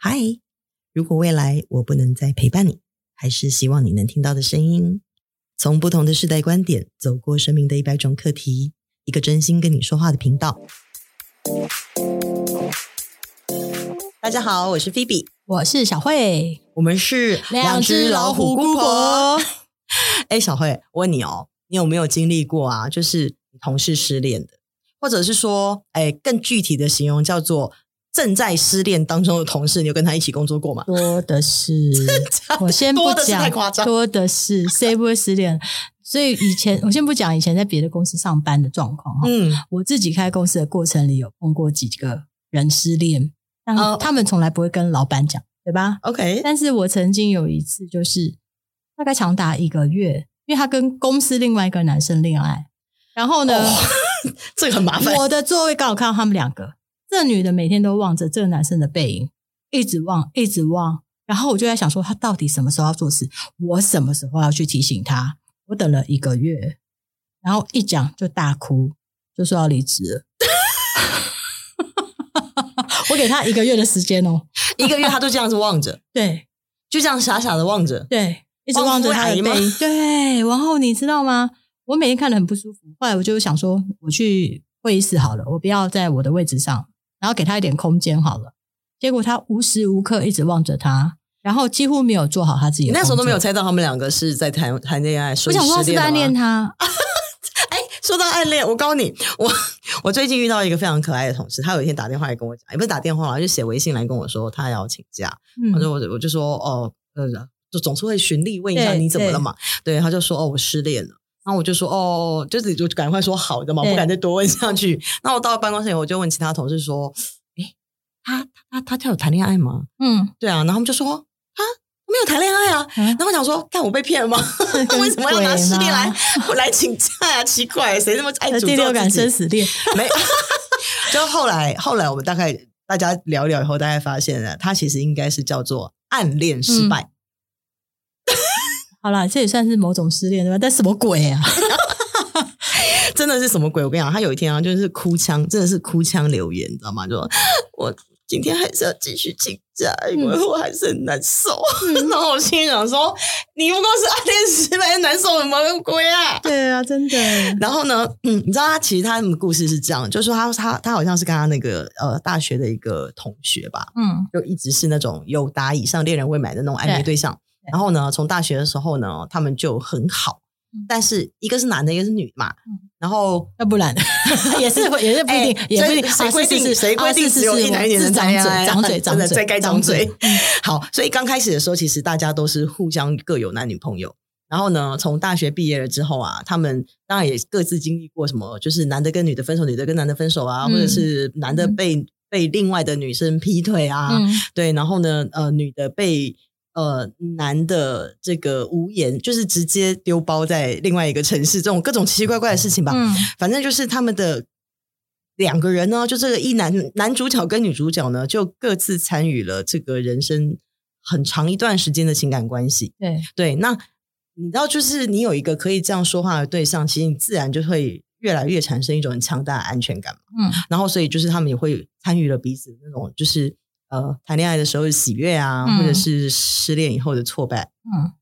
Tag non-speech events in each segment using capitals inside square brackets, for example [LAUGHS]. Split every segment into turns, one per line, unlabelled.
嗨，Hi, 如果未來我不能再陪伴你，還是希望你能聽到的聲音。從不同的世代觀點，走過生命的一百種課題，一個真心跟你說話的頻道。
大家好，我是菲比，我是小慧，我們是兩隻老虎姑婆。
哎， [LAUGHS] 小慧，我問你哦，你有沒有經歷過啊？就是同事失戀的，或者是說，哎，更具體的形容叫做。正在失戀當中的同事，你有跟他一起工作過嗎？多的是。我先不講，多
的是誰不會失戀？所以以前，我先不講以前在別的公司上班的狀況哈。嗯，我自己開公司的過程裡有碰過幾個人失戀，然後他們從來不會跟老闆講，對吧？OK。但是我曾經有一次，就是大概長達一個月，因為他跟公司另外一個男生戀愛，然後呢，這個很麻煩。我的座位剛好看到他們兩個。這女的每天都望着這個男生的背影，一直望，一直望。然後我就在想說，他到底什麼時候要做事？我什麼時候要去提醒他？我等了一個月，然後一講就大哭，就說要離職了。 [LAUGHS] [LAUGHS] 我給他一個月的時間哦， [LAUGHS] 一個月他都這樣子望着，對，就這樣傻傻的望着，對，對，一直望着他的背。對，然後你知道嗎？我每天看得很不舒服。後來我就想說，我去會議室好了，我不要在我的位置上。然後給他一點空間好了，結果他無時無刻一直望着他，然後幾乎沒有做好他自己的。你那時候都沒有
猜到他們兩個是在談談戀愛，說失戀嗎？說是暗
戀他。
哎， [LAUGHS] 說到暗戀，我告訴你，我我最近遇到一個非常可愛的同事，他有一天打電話來跟我講，也不是打電話，就寫微信來跟我說他要請假。反正、嗯、我就我就說哦，呃，就總是會循例問一下你怎麼了嘛。對，對，對，他就說哦，我失戀了。那、啊、我就說哦，就自己就趕快說好的嘛，對不敢再多問下去。那我到了辦公室以後，我就問其他同事說：“哎，他他他他有談戀愛嗎？”嗯，對啊。然後他們就說：“啊，我沒有談戀愛啊。啊”然後我想說：“但我被騙了嗎？ [LAUGHS] 啦 [LAUGHS] 為什麼要拿失戀來 [LAUGHS] 我來請假啊？奇怪，誰那麼愛第六感生死戀？ [LAUGHS] 沒，就後來後來我們大概大家聊聊以後，大概發現了他其實應該是叫做暗戀失敗。嗯”
好了，這也算是某種失戀對吧？但什麼鬼啊？
[LAUGHS] 真的是什麼鬼？我跟你講，他有一天啊，就是哭腔，真的是哭腔留言，你知道嗎？就說我今天還是要繼續請假，因為我還是很難受。嗯、 [LAUGHS] 然後我心裡想說，嗯、你不過是暗戀失敗難受，什麼，麼鬼啊？對啊，真的。然後呢，嗯，你知道他其實他的故事是這樣，就是、說他他他好像是跟他那個呃大學的一個同學吧，嗯，就一直是那種友達以上戀人未滿的那種曖昧對象。對然後呢，從大學的時候呢，他們就很好，但是一個是男的，一個是女的嘛。然後要不然也是也是不一定，也不一定，所以誰規定誰規定只有一男一女是長嘴長嘴長嘴，真的最該長嘴。好，所以剛開始的時候，其實大家都是互相各有男女朋友。然後呢，從大學畢業了之後啊，他們當然也各自經歷過什麼，就是男的跟女的分手，女的跟男的分手啊，或者是男的被被另外的女生劈腿啊，對，然後呢，呃，女的被。呃，男的這個無言，就是直接丟包在另外一個城市，這種各種奇奇怪怪的事情吧。嗯，反正就是他們的兩個人呢，就這個一男男主角跟女主角呢，就各自參與了這個人生很長一段時間的情感關係。對對，那你知道，就是你有一個可以這樣說話的對象，其實你自然就會越來越產生一種很強大的安全感嘛。嗯，然後所以就是他們也會參與了彼此那種就是。呃，談戀愛的時候的喜悅啊，嗯、或者是失戀以後的挫敗。嗯，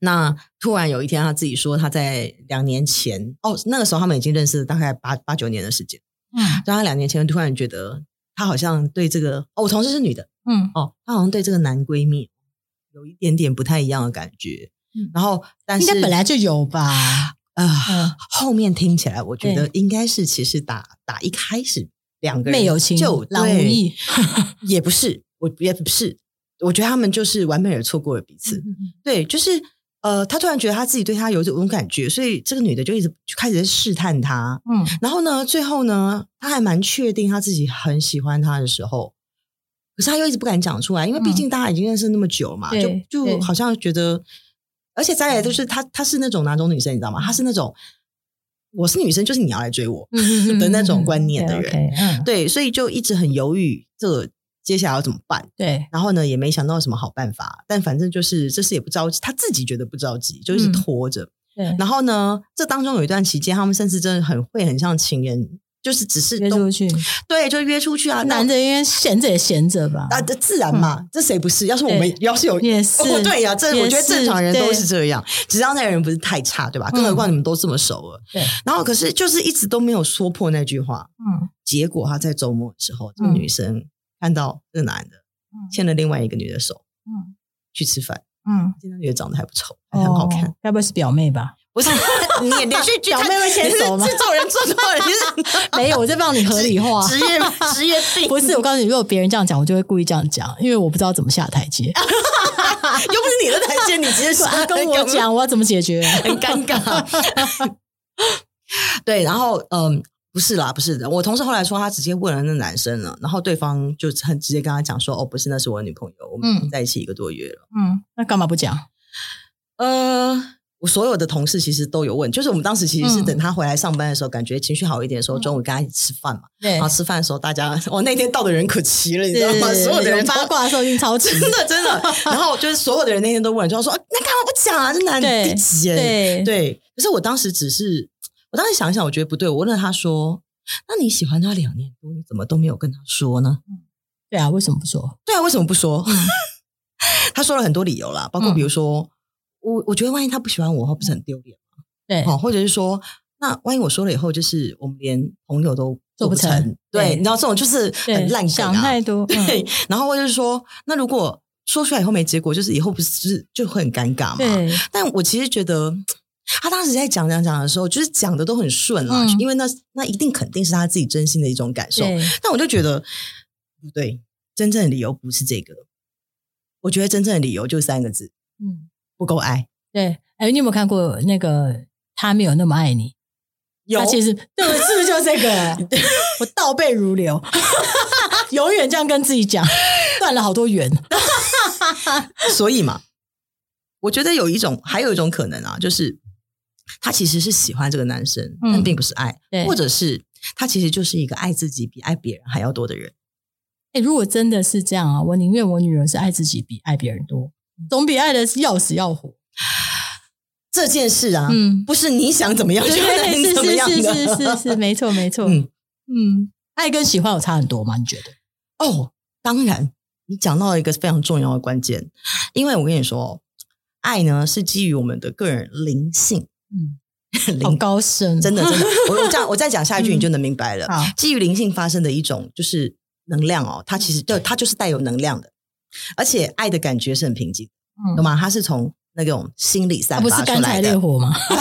那突然有一天，他自己說他在兩年前，哦，那個時候他們已經認識了大概八八九年的時間。嗯，當他兩年前突然覺得他好像對這個，哦，我同事是女的，嗯，哦，他好像對這個男閨蜜有一點點不太一樣的感覺。嗯，然後但是應該本來就有吧？呃，嗯、後面聽起來我覺得應該是其實打、嗯、打一開始。兩個人友情就對，狼義 [LAUGHS] 也不是我，也不是，我覺得他們就是完美的錯過了彼此。嗯、哼哼對，就是呃，他突然覺得他自己對他有這種感覺，所以這個女的就一直就開始在試探他。嗯、然後呢，最後呢，他還蠻確定他自己很喜歡他的時候，可是他又一直不敢講出來，因為畢竟大家已經認識那麼久嘛，嗯、就就好像覺得，嗯、而且再來就是他，她是那種哪種女生，你知道嗎？他是那種。我是女生，就是你要來追我，嗯、 [LAUGHS] 的那種觀念的人，嗯對，okay, 嗯、對，所以就一直很猶豫，這個，接下來要怎麼辦？對，然後呢，也沒想到什麼好辦法，但反正就是這事也不着急，他自己覺得不着急，就是拖着。嗯、對，然後呢，這當中有一段期間，他們甚至真的很會，很像情人。就是只是約出去，對，就約出去啊！男的因為閒着也閒着吧，啊，這自然嘛，這誰不是？要是我們要是有也是，對呀，這我覺得正常人都是這樣，只要那個人不是太差，對吧？更何況你們都這麼熟了。對，然後可是就是一直都沒有說破那句話，嗯，結果他在週末的時候，這個女生看到這個男的，牽了另外一個女的手，嗯，去吃飯，嗯，這個女的
長得還不醜還很好看，要不然是表妹吧。不是你連續表妹會牽手嗎？做人做錯人就是沒有，我在幫你合理化職業職業病。不是，我告訴你，如果別人這樣講，我就會故意這樣講，因為我不知道怎麼下台階。
又不是你的台階，你直接說跟我講，我
要怎麼解決？很尷尬。
對，然後嗯，不是啦，不是的。我同事後來說，他直接問了那男生了，然後對方就很直接跟他講說：“哦，不是，那是我女朋友，我們在一起一個多月了。”
嗯，那幹嘛不講？
呃。我所有的同事其實都有問，就是我們當時其實是等他回來上班的時候，感覺情緒好一點的時候，嗯、中午跟他一起吃飯嘛。對。然後吃飯的時候，大家，哦，那天到的人可齊了，是你知道嗎？所有的人八
卦的時候超多，真的真的。
[LAUGHS] 然後就是所有的人那天都問，就說：“啊、那幹嘛不講啊？這男的一級哎，對對。”可是我當時只是，我當時想一想，我覺得不對，我問了他說：“那你喜歡他兩年多，你怎麼都沒有跟他說呢？”對啊，為什麼不說？對啊，為什麼不說？ [LAUGHS] 他說了很多理由啦，包括比如說。嗯。我我覺得，萬一他不喜歡我，的話不是很丟臉嗎？對，好、哦，或者是說，那萬一我說了以後，就是我們連朋友都做不成。對，你知道這種就是很爛，想太多。嗯、對，然後或者是說，那如果說出來以後沒結果，就是以後不是、就是、就會很尷尬嗎？對但我其實覺得，他當時在講講講的時候，就是講的都很順啦、啊，嗯、因為那那一定肯定是他自己真心的一種感受。對但我就覺得不對，真正的理由不是這個。我覺得真正的理由就是三個字。
嗯。不夠愛，對，哎，你有沒有看過那個《他沒有那麼愛你》？有，他其實對，是不是就這個？ [LAUGHS] 我倒背如流， [LAUGHS] 永遠這樣跟自己講，斷了好多緣。 [LAUGHS] 所以嘛，我
覺得有一種，還有一種可能啊，就是他其實是喜歡這個男生，嗯、但並不是愛，對或者是他其實就是一個愛自己比愛別人還要多的人。
哎，如果真的是這樣啊，我寧願我女兒是愛自己比愛別人多。總比愛的是要死要活這件事啊，嗯，不是你想怎麼樣就怎麼樣，是是是是是沒錯沒錯，嗯嗯，愛跟喜歡有差很多嗎？你覺得？哦，
當然，你講到了一個非常重要的關鍵，因為我跟你說，愛呢是基於我們的個人靈性，
嗯，很高深，真的真的，我這
樣，我再講下一句，你就能明白了，基於靈性發生的一種就是能量哦，它其實就它就是帶有能量的。而且愛的感覺是很平靜，懂、嗯、嗎？它是從那種心理散發出來的，啊、不是乾柴烈火嗎？ [LAUGHS] 對，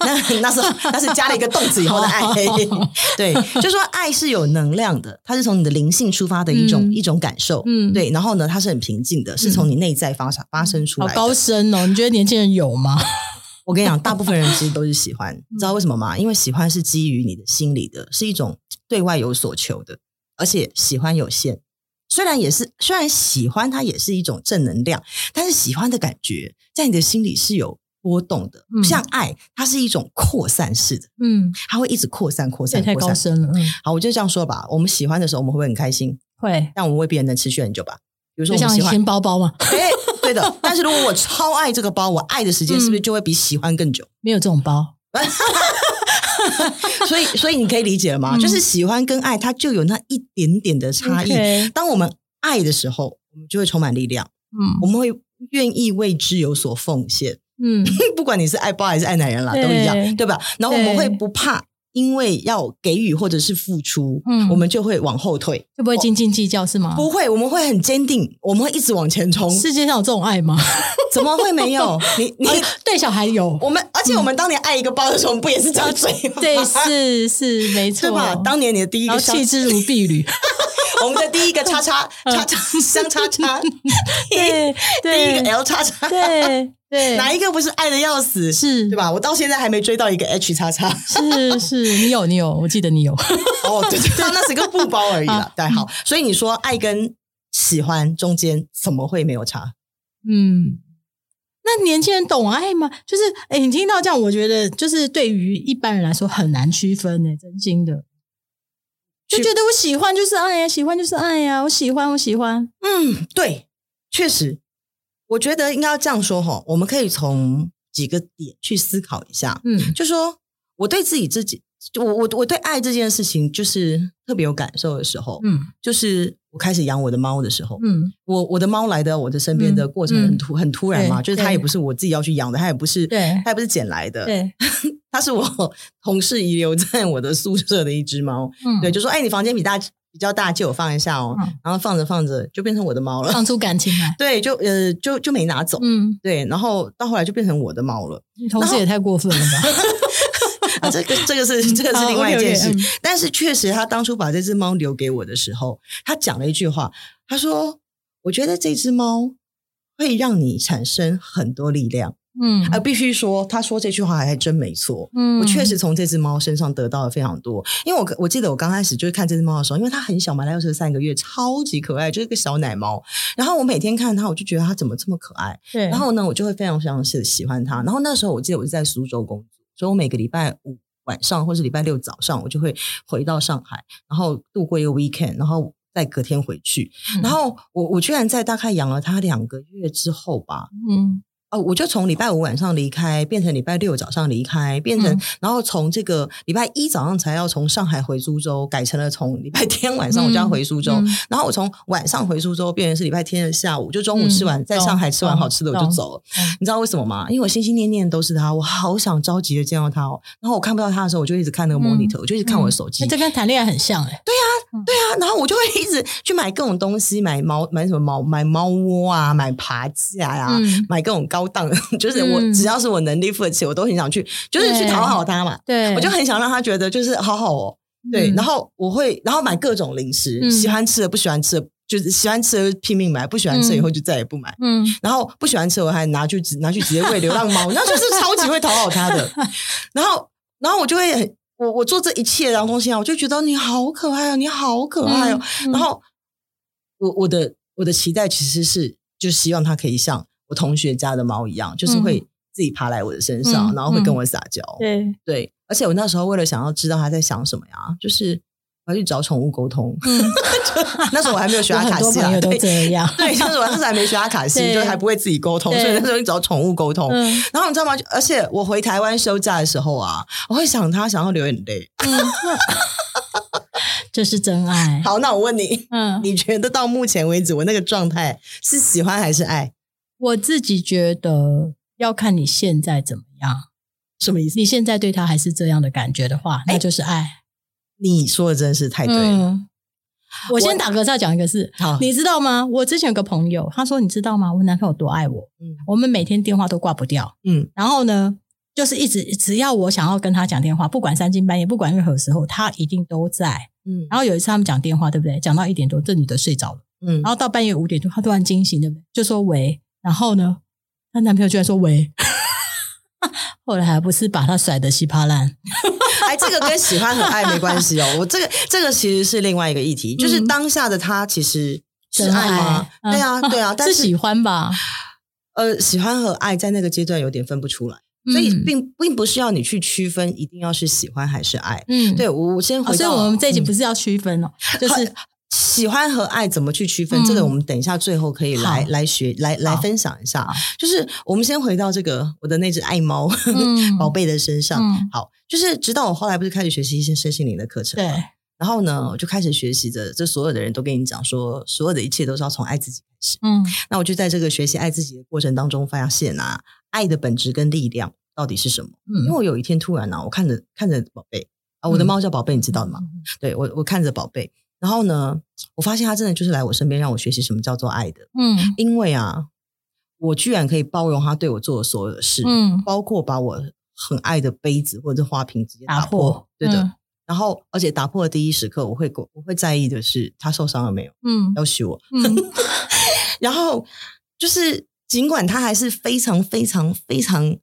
那那那是加了一個動詞以後的愛，好好好好 [LAUGHS] 對，就說愛是有能量的，它是從你的靈性出發的一種、嗯、一種感受，嗯，對。然後呢，它是很平靜的，是從你內在發生、嗯、發生出來，好高深哦。你覺得年輕人有嗎？ [LAUGHS] 我跟你講，大部分人其實都是喜歡，你、嗯、知道為什麼嗎？因為喜歡是基於你的心理的，是一種對外有所求的，而且喜歡有限。雖然也是，雖然喜歡它也是一種正能量，但是喜歡的感覺在你的心裡是有波動的，不、嗯、像愛，它是一種擴散式的，
嗯，
它會一直擴散、擴散、擴散，太高深了。好，我就這樣說吧。我們喜歡的時候，我們會不會很開心？會。但我們未必能持續很久吧？比如說我喜，喜歡包包嗎？對、哎。對的。 [LAUGHS] 但是如果我超愛這個包，我愛的時間是不是就會比喜歡更久？
沒有這種包。 [LAUGHS]
[LAUGHS] 所以，所以你可以理解了嗎？嗯、就是喜歡跟愛，它就有那一點點的差異。Okay. 當我們愛的時候，我們就會充滿力量，嗯，我們會願意為之有所奉獻，
嗯，
[LAUGHS] 不管你是愛包還是愛男人啦，對都一樣，對吧？然後我們會不怕。因為要給予或者是付出，嗯，我們就會往後退，就不會斤
斤計較是嗎？不會，我們會很堅定，我們會一直往前衝。世界上有這種愛嗎？怎麼會沒有？你你對小孩有？我
們而且我們當年愛一個包的時候，我們不也是張嘴嗎？對，是
是沒錯。當年你的第一個棄之如敝履，我
們的第一個叉叉叉
叉相叉叉，
對，第一個 L 叉叉，對。對，哪一個不是愛得要死？是對吧？我到現在還沒追到一個 H 叉叉，是是， [LAUGHS] 你有你有，我記得你有。 [LAUGHS] 哦，對對，那是一個布包而已啦，大家好，好，所以你說愛跟喜歡中間怎麼會沒有差？嗯，
那年輕人懂愛嗎？就是，誒、欸、你聽到這樣，我覺得就是對於一般人來說很難區分呢、欸。真心的，就覺得我喜歡就是愛呀、啊，喜歡就是愛呀、啊，我喜歡我喜歡。嗯，對，確實。我覺得應該要這樣說哈、哦，我們可
以從幾個點去思考一下。嗯，就說我對自己自己，就我我我對愛這件事情就是特別有感受的時候，嗯，就是我開始養我的貓的時候，嗯，我我的貓來的我的身邊的過程很突、嗯嗯、很突然嘛，對就是它也不是我自己要去養的，它也不是對，它也不是撿來的，對， [LAUGHS] 它是我同事遺留在我的宿舍的一隻貓，嗯，對，就說哎，你房間比大家。比較大，借我放一下哦，嗯、然後放着放着就變成我的貓了，放出感情來。對，就呃，就就沒拿走。嗯，對，然後到後來就變成我的貓了。嗯、後你同事也太過分了吧然後、 [LAUGHS] 啊？這個，這個是，這個是另外一件事。但是確實，他當初把這隻貓留給我的時候，他講了一句話，他說：“我覺得這隻貓會讓你產生很多力量。”嗯，啊，必須說，他說這句話還真沒錯。嗯，我確實從這只貓身上得到了非常多。因為我我記得我剛開始就是看這只貓的時候，因為它很小嘛，它又是三個月，超級可愛，就是一個小奶貓。然後我每天看它，我就覺得它怎麼這麼可愛？對。然後呢，我就會非常非常喜喜歡它。然後那時候我記得我是在蘇州工作，所以我每個禮拜五晚上或是禮拜六早上，我就會回到上海，然後度過一個 weekend，然後再隔天回去。然後我、嗯、我，我居然在大概養了它兩個月之後吧，嗯。哦、我就從禮拜五晚上離開，變成禮拜六早上離開，變成，嗯、然後從這個禮拜一早上才要從上海回蘇州，改成了從禮拜天晚上我就要回蘇州，嗯嗯、然後我從晚上回蘇州，變成是禮拜天的下午，就中午吃完，嗯、在上海吃完好吃的我就走了。嗯嗯嗯嗯、你知道為什麼嗎？因為我心心念念都是他，我好想着急的見到他哦。然後我看不到他的時候，我就一直看那個 monitor，我、嗯、就一直看我的手機。這跟談戀愛很像誒、欸。對呀、啊。對啊，然後我就會一直去買各種東西，買貓買什麼貓，買貓窩啊，買爬架啊，嗯、買各種高檔，就是我、嗯、只要是我能力付得起，我都很想去，就是去討好它嘛對。對，我就很想讓它覺得就是好好哦。對，嗯、然後我會然後買各種零食，嗯、喜歡吃的不喜歡吃的，就是喜歡吃的拼命買，不喜歡吃的以後就再也不買。嗯，嗯然後不喜歡吃我還拿去拿去直接餵 [LAUGHS] 流浪貓，那就是超級會討好它的。 [LAUGHS] 然後然後我就會很。我我做這一切然後東西啊，我就覺得你好可愛哦、啊，你好可愛哦、啊。嗯嗯、然後我我的我的期待其實是，就是、希望它可以像我同學家的貓一樣，就是會自己爬來我的身上，嗯、然後會跟我撒嬌。嗯嗯、對對，而且我那時候為了想要知道他在想什麼呀，就是。我去找寵物溝通。那時候我還沒有學阿卡西啊。很多朋友都這樣。對，那時候我那時候還沒學阿卡西，就還不會自己溝通，所以那時候去找寵物溝通。然後你知道嗎？而且我回台灣休假的時候啊，我會想他，想要流眼淚。這是真愛。好，那我問你，嗯，你覺得到目
前為止我那個狀態是喜歡還是愛？我自己覺得要看你現在怎麼樣。什麼意思？你現在對他還是這樣的感覺的話，那就是愛。
你說的真是太對了。
嗯，我先打個岔，講一個事。好。你知道嗎？我之前有個朋友，他說：“你知道嗎？我男朋友多愛我。嗯，我們每天電話都掛不掉。嗯，然後呢，就是一直只要我想要跟他講電話，不管三更半夜，不管任何時候，他一定都在。嗯，然後有一次他們講電話，對不對？講到一點多，這女的睡着了。嗯，然後到半夜五點多，她突然驚醒，對不對？就說喂，然後呢，她男朋友居然說喂， [LAUGHS] 後來還不是把她甩得稀巴爛。 [LAUGHS] ”
哎，這個跟喜歡和愛沒關係哦。 [LAUGHS] 我這個這個其實是另外一個議題，嗯、就是當下的他其實是愛嗎？真愛嗎？對
啊，對啊，啊但是，是喜歡吧？
呃，喜歡和愛在那個階段有點分不出來，嗯、所以並並不是要你去區分，一定要是喜歡還是愛。嗯，對，我先回到、啊，所以我們這一集不是要區分哦，嗯、就是。啊喜歡和愛怎麼去區分？這個我們等一下最後可以來來學來來分享一下。就是我們先回到這個我的那只愛貓寶貝的身上。好，就是直到我後來不是開始學習一些身心靈的課程，對，然後呢，我就開始學習着，這所有的人都跟你講說，所有的一切都是要從愛自己開始。嗯，那我就在這個學習愛自己的過程當中發現啊，愛的本質跟力量到底是什麼？嗯，因為我有一天突然啊，我看着看着寶貝啊，我的貓叫寶貝，你知道嗎？對，我，我看着寶貝。然後呢，我發現他真的就是來我身邊讓我學習什麼叫做愛的。嗯，因為啊，我居然可以包容他對我做的所有的事，嗯，包括把我很愛的杯子或者花瓶直接打破，打破對的。嗯、然後，而且打破的第一時刻，我會我我會在意的是他受傷了沒有？嗯，要娶我。
嗯，
[LAUGHS] 然後就是儘管他還是非常，非常非常非常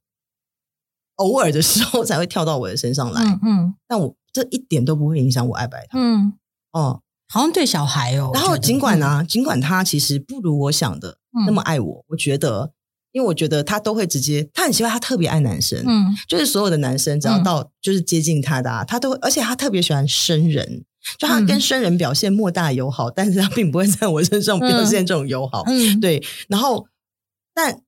偶爾的時候才會跳到我的身上來，嗯，嗯但我這一點都不會影響我愛不愛他。嗯，哦。好像對小孩哦，然後儘管呢、啊，儘管他其實不如我想的、嗯、那麼愛我，我覺得，因為我覺得他都會直接，他很奇怪，他特別愛男生，嗯，就是所有的男生只要到就是接近他的、啊，他都會，而且他特別喜歡生人，就他跟生人表現莫大友好，嗯、但是他並不會在我身上表現這種友好，嗯嗯、對，然後，但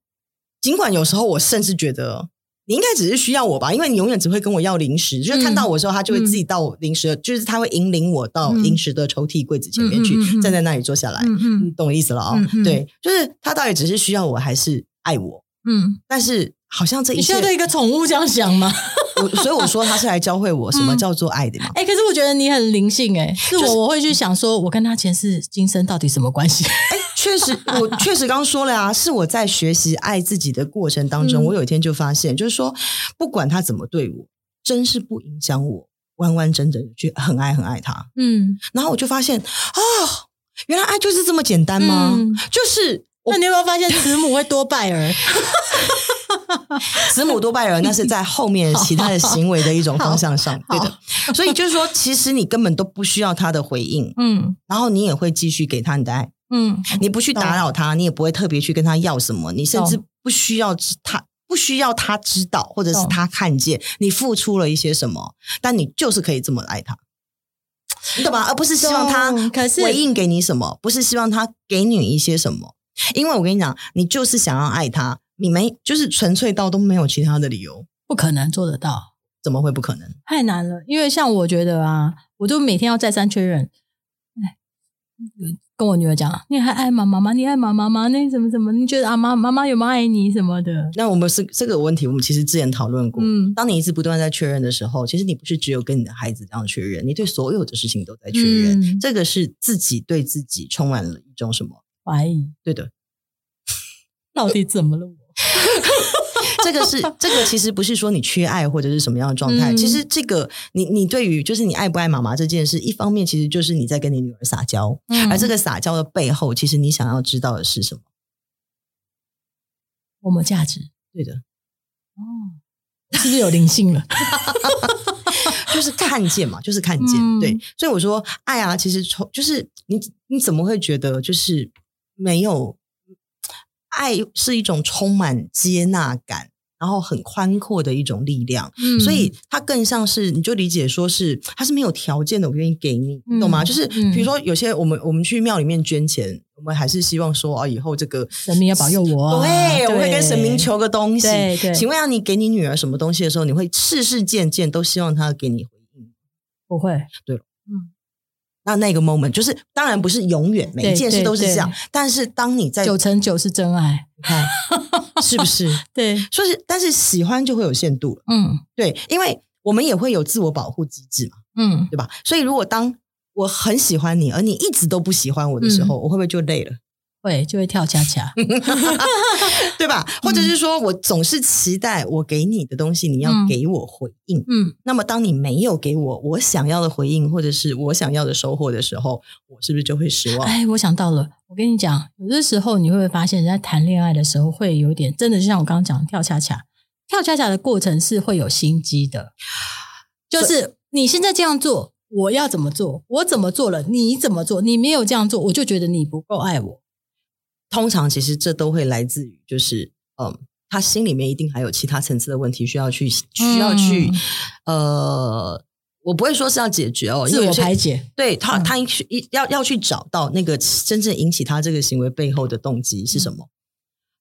儘管有時候我甚至覺得。你應該只是需要我吧，因為你永遠只會跟我要零食，就是看到我的時候，他就會自己到零食，嗯、就是他會引領我到零食的抽屜櫃子前面去，嗯、站在那裡坐下來，嗯、哼懂我意思了啊、哦？嗯、哼對，就是他到底只是需要我還是愛我？嗯，但是
好像這一切，你現在對一個寵物這樣想嗎？ [LAUGHS] 所以我說他是來教會我什麼叫做愛的嘛？哎、嗯欸，可是我覺得你很靈性哎、欸，是我、就是、我會去想說我跟他前世今生到底什麼關係？就是 [LAUGHS]
確實，我確實剛說了呀、啊，是我在學習愛自己的過程當中，嗯、我有一天就發現，就是說，不管他怎麼對我，真是不影響我，完完整整去很愛很愛他。嗯，然後我就發現，哦，原來愛就是這麼簡單嗎？嗯、就是我那，你有沒有發現慈母會多敗兒？ [LAUGHS] [LAUGHS] 慈母多敗兒，那是在後面其他的行為的一種方向上好對的。好所以就是說， [LAUGHS] 其實你根本都不需要他的回應，嗯，然後你也會繼續給他你的愛。
嗯，你不去打
擾他，對你也不會特別去跟他要什麼，對你甚至不需要知他不需要他知道或者是他看見對你付出了一些什麼，但你就是可以這麼愛他，你懂吧？而不是希望他回應給你什麼，不是希望他給你一些什麼，因為我跟你講，你就是想要愛他，你沒就是純粹到都沒有其他的理由，不可能做得到，怎麼會不可能？
太難了，因為像我覺得啊，我都每天要再三確認。跟我女兒講啊，你還愛媽媽嗎？你愛媽媽嗎？那什麼什麼？你覺得啊，媽媽媽有沒愛你什麼的？那我們是
這個問題，我們其實之前討論過。嗯，當你一直不斷在確認的時候，其實你不是只有跟你的孩子這樣確認，你對所有的事情都在確認。嗯，這個是自己對自己充滿了一種什麼懷疑？對的，
到底怎麼了我？ [LAUGHS]
[LAUGHS] 這個是這個，其實不是說你缺愛或者是什麼樣的狀態。嗯、其實這個，你你對於就是你愛不愛媽媽這件事，一方面其實就是你在跟你女兒撒嬌，嗯、而這個撒嬌的背後，其實你想要知道的是什麼？
我們價值，對的。哦，是不是有靈性了？ [LAUGHS] [LAUGHS] 就是看見
嘛，就是看見。嗯、對，所以我說愛啊，其實從就是你你怎麼會覺得就是沒有？愛是一種充滿接納感，然後很寬闊的一種力量，嗯、所以它更像是你就理解說是它是沒有條件的，我願意給你，嗯、懂嗎？就是、嗯、比如說有些我們我們去廟裡面捐錢，我們還是希望說啊以後這個神明要保佑我、啊，對，我會跟神明求個東西。對對，對對請問讓、啊、你給你女兒什麼東西的時候，你會事事件件都希望她給你回應？
不會，
對。那那個 moment 就是，當然不是永遠每一件事都是這樣，對
對對，但是當你在九成九是真愛，你
看 [LAUGHS] 是不是？
對，所
以但是喜歡就會有限度了，嗯，對，因為我們也會有自我保護機制嘛，嗯，對吧？所以如果當我很喜歡你，而你一直都不喜歡我的時候，嗯、我會不會就累了？
會就會跳恰恰， [LAUGHS]
對吧？或者是說，嗯，我總是期待我給你的東西，你要給我回應。嗯，嗯那麼當你沒有給我我想要的回應，或者是我想要的收穫的時候，我是不是就會失望？哎，
我想到了，我跟你講，有的時候你會不會發現，人在談戀愛的時候會有點真的，就像我剛剛講的跳恰恰跳恰恰的過程是會有心機的，就是所以你現在這樣做，我要怎麼做？我怎麼做了？你怎麼做？你沒有這樣做，我就覺得你不夠愛我。
通常其實這都會來自於，就是嗯，他心裡面一定還有其他層次的問題需要去，需要去，嗯、呃，我不會說是要解決哦，自我排解，解對他，嗯、他去一要要去找到那個真正引起他這個行為背後的動機是什麼？嗯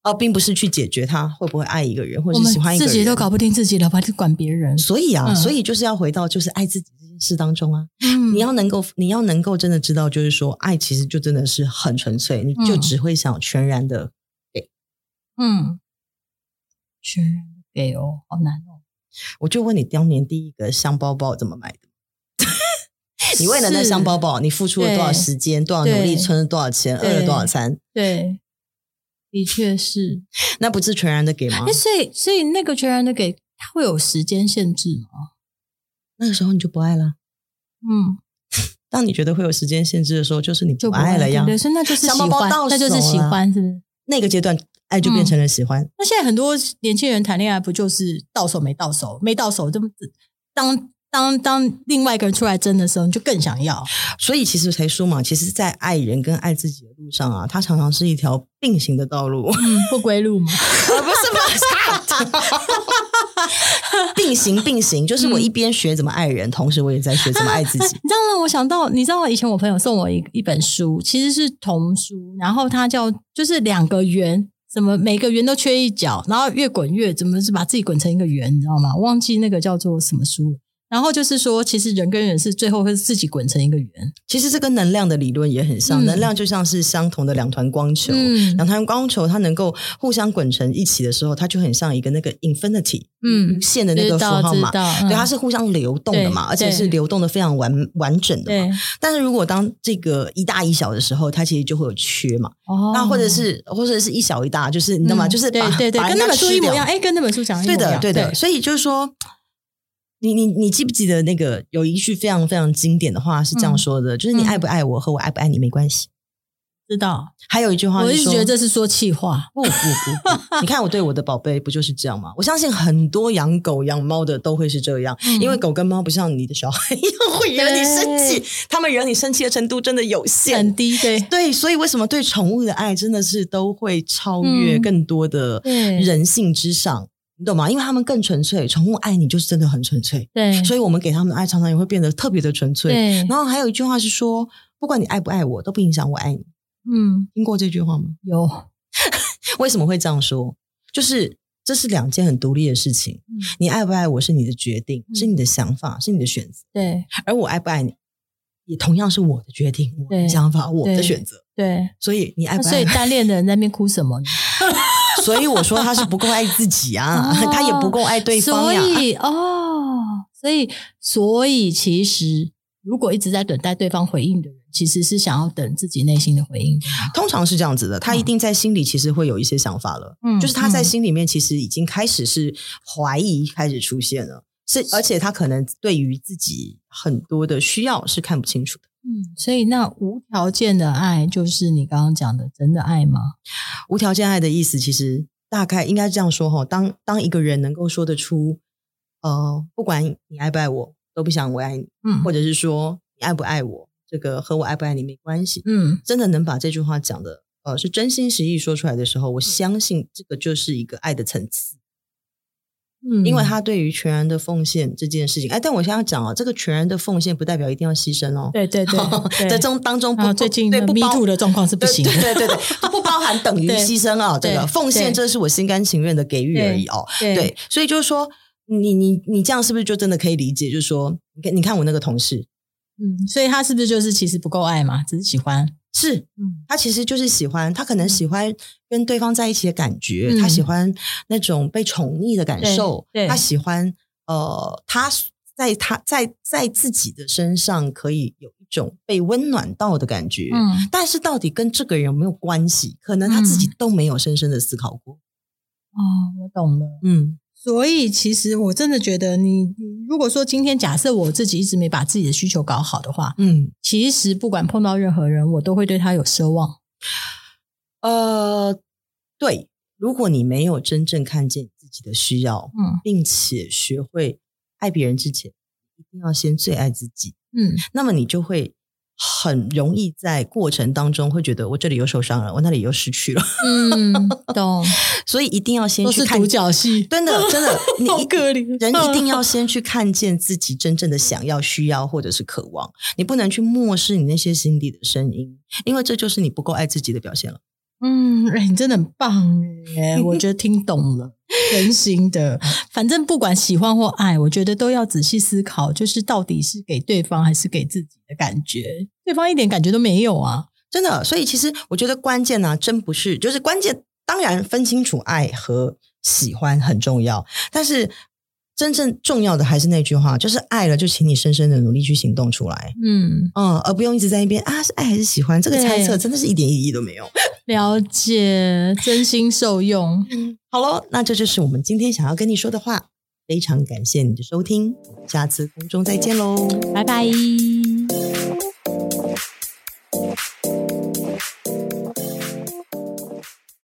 啊，並不是去解決他會不會愛一個人，或者喜歡一個人，自己都
搞不定自己了，還是管別人？所以啊，嗯、所以就是要回到就是愛自己這件
事當中啊。嗯、你要能夠，你要能夠真的知道，就是說愛其實就真的是很純粹，你就只會想全然的給，嗯，嗯，
全給哦，好難
哦。我就問你，當年第一個香包包怎麼買的？
[LAUGHS] 是你為了那香包包，你付出了多少時
間、對多少努力、對存了多少錢、餓對了多少餐？
對。的確是，
那不是全然的給嗎？欸、所以
所以那個全然的給，它會有時間限制嗎？那個時候你就不愛了。嗯，
當你覺得會有時間限制的時候，就是你不愛了呀。對，對，對，所以那就是喜歡，寶寶到了那就是喜歡
是不是，是那個階段，愛就變成了喜歡。嗯、那現在很多年輕人談戀愛，不就是到手沒到手，沒到手這麼當。當當另外一個人出來爭的時候，你就更想要。所以其實才說嘛，其實，在愛人跟愛自己的路上
啊，它常常是一條並行的道路，嗯、不歸路嗎、？ [LAUGHS] 啊？不是吧，哈哈哈哈哈，並行並行，就是我一邊學怎麼愛人，嗯、同時我也在學怎麼愛自己。哎、
你知道嗎？我想到，你知道，以前我朋友送我一一本書，其實是童書，然後它叫就是兩個圓，怎麼每個圓都缺一角，然後越滾越怎麼是把自己滾成一個圓，你知道嗎？忘記那個叫做什麼書了。然後就是說，其實人跟人是最後會自己滾成一個圓。其實這個能量的理論也很像，能量就像是相同的
兩團光球，兩團光球它能夠互相滾成一起的時候，它就很像一個那個 infinity，嗯，
線的那個符號嘛。對，它是
互相流動的嘛，而且是流動的非常完完整的嘛。但是如果當這個一大一小的時候，它其實就會有缺嘛。哦，那或者是或者是一小一大，就是你知道嗎？就是對對對，跟那本書一模一樣。哎，
跟那本書講的一模一樣。對的對的。所
以就是說。你你你記不記得那個有一句非常非常經典的話是這樣說的，嗯、就是你愛不愛我和我愛不愛你沒關係。
知道。
還有一句話就是，我就覺得這是說
氣話。不不不，不
不 [LAUGHS] 你看我對我的寶貝不就是這樣嗎？我相信很多養狗養貓的都會是這樣，嗯、因為狗跟貓不像你的小孩一樣會惹你生氣，對他們惹你生氣的程度真的有限，很低。對對，所以為什麼對寵物的愛真的是都會超越更多的人性之上？嗯你懂嗎？因為他們更純粹，寵物愛你就是真的很純粹。對，所以我們給他們的愛常常也會變得特別的純粹。對。然後還有一句話是說，不管你愛不愛我，都不影響我愛你。嗯，聽過這句話嗎？有。為什麼會這樣說？就是這是兩件很獨立的事情。嗯。你愛不愛我是你的決定，是你的想法，是你的選擇。對。而我愛不愛你，也同樣是我的決定，我的想法，我的選擇。對。所以
你愛不愛，不所以單戀的人在那邊哭什麼呢？ [LAUGHS] 所以我說他是不夠愛自己啊，哦、他也不夠愛對方呀、啊。所以哦，所以所以其實，如果一直在等待對方回應的人，其實是想要等自己內心的回應。通
常是這樣子的，他一定在心裡其實會有一些想法了。嗯，就是他在心裡面其實已經開始是懷疑，開始出現了。嗯嗯、是而且他可能對於自己很多的需要是看不清楚的。
嗯，所以那無條件的愛就是你剛剛講的真的愛嗎？
無條件愛的意思其實大概應該這樣說哈、哦，當當一個人能夠說得出，呃，不管你愛不愛我，都不想我愛你，嗯，或者是說你愛不愛我，這個和我愛不愛你沒關係，嗯，真的能把這句話講的，呃，是真心實意說出來的時候，我相信這個就是一個愛的層次。嗯，因為他對於全然的奉獻這件事情，哎，但我現在要講哦，這個全然的奉獻不代表一定要犧牲哦。對，對對，對、哦。在中
當中不，最近對不土的狀況是不行的。
對，對對對，它 [LAUGHS] 不包含等於犧牲哦，對這個對奉獻這是我心甘情願的給予而已哦。對，對，對，所以就是說，你你你這樣是不是就真的可以理解？就是說，你看你看我那個同事，嗯，所以他是不是就是其實不夠愛嘛，只是喜歡。是，他其實就是喜歡，他可能喜歡跟對方在一起的感覺，嗯，他喜歡那種被寵溺的感受，對，對，他喜歡，呃，他在他在在自己的身上可以有一種被溫暖到的感覺，嗯，但是到底跟這個人有沒有關係，可能他自己都沒有深深的思考過。
哦，嗯，我懂了，嗯。所以，其實我真的覺得你，你如果說今天假設我自己一直沒把自己的需求搞好的話，嗯，其實不管碰到任何人，我都會對他有奢望。
呃，對，如果你沒有真正看見自己的需要，嗯，並且學會愛別人之前，一定要先最愛自己，嗯，那麼你就會。很容易在過程當中會覺得我這裡又受傷了，我那裡又失去了。嗯，懂， [LAUGHS] 所以一定要先都是獨角戲，真 [LAUGHS] 的真的，你一個 [LAUGHS] 可憐 [LAUGHS] 人一定要先去看見自己真正的想要、需要或者是渴望，你不能去漠視你那些心底的聲音，因為這就是你不夠愛自己的表
現了。嗯，你真的很棒耶， [LAUGHS] 我覺得聽懂了。真心的，反正不管喜歡或愛，我覺得都要仔細思考，就是到底是給對方還是給自己的感覺。對方一點感覺都沒有啊，真的。所以其實我覺得
關鍵呢、啊，真不是，就是關鍵。當然分清楚愛和喜歡很重要，但是。真正重要的還是那句話，就是愛了就請你深深的努力去行動出來。嗯嗯，而不用一直在那邊啊，是愛還是喜歡，這個猜測真的是一點意義都沒有。了解，真心受用。 [LAUGHS] 好嘍，那這就是我們今天想要跟你說的話。非常感謝你的收聽，下次空中再見嘍，拜拜。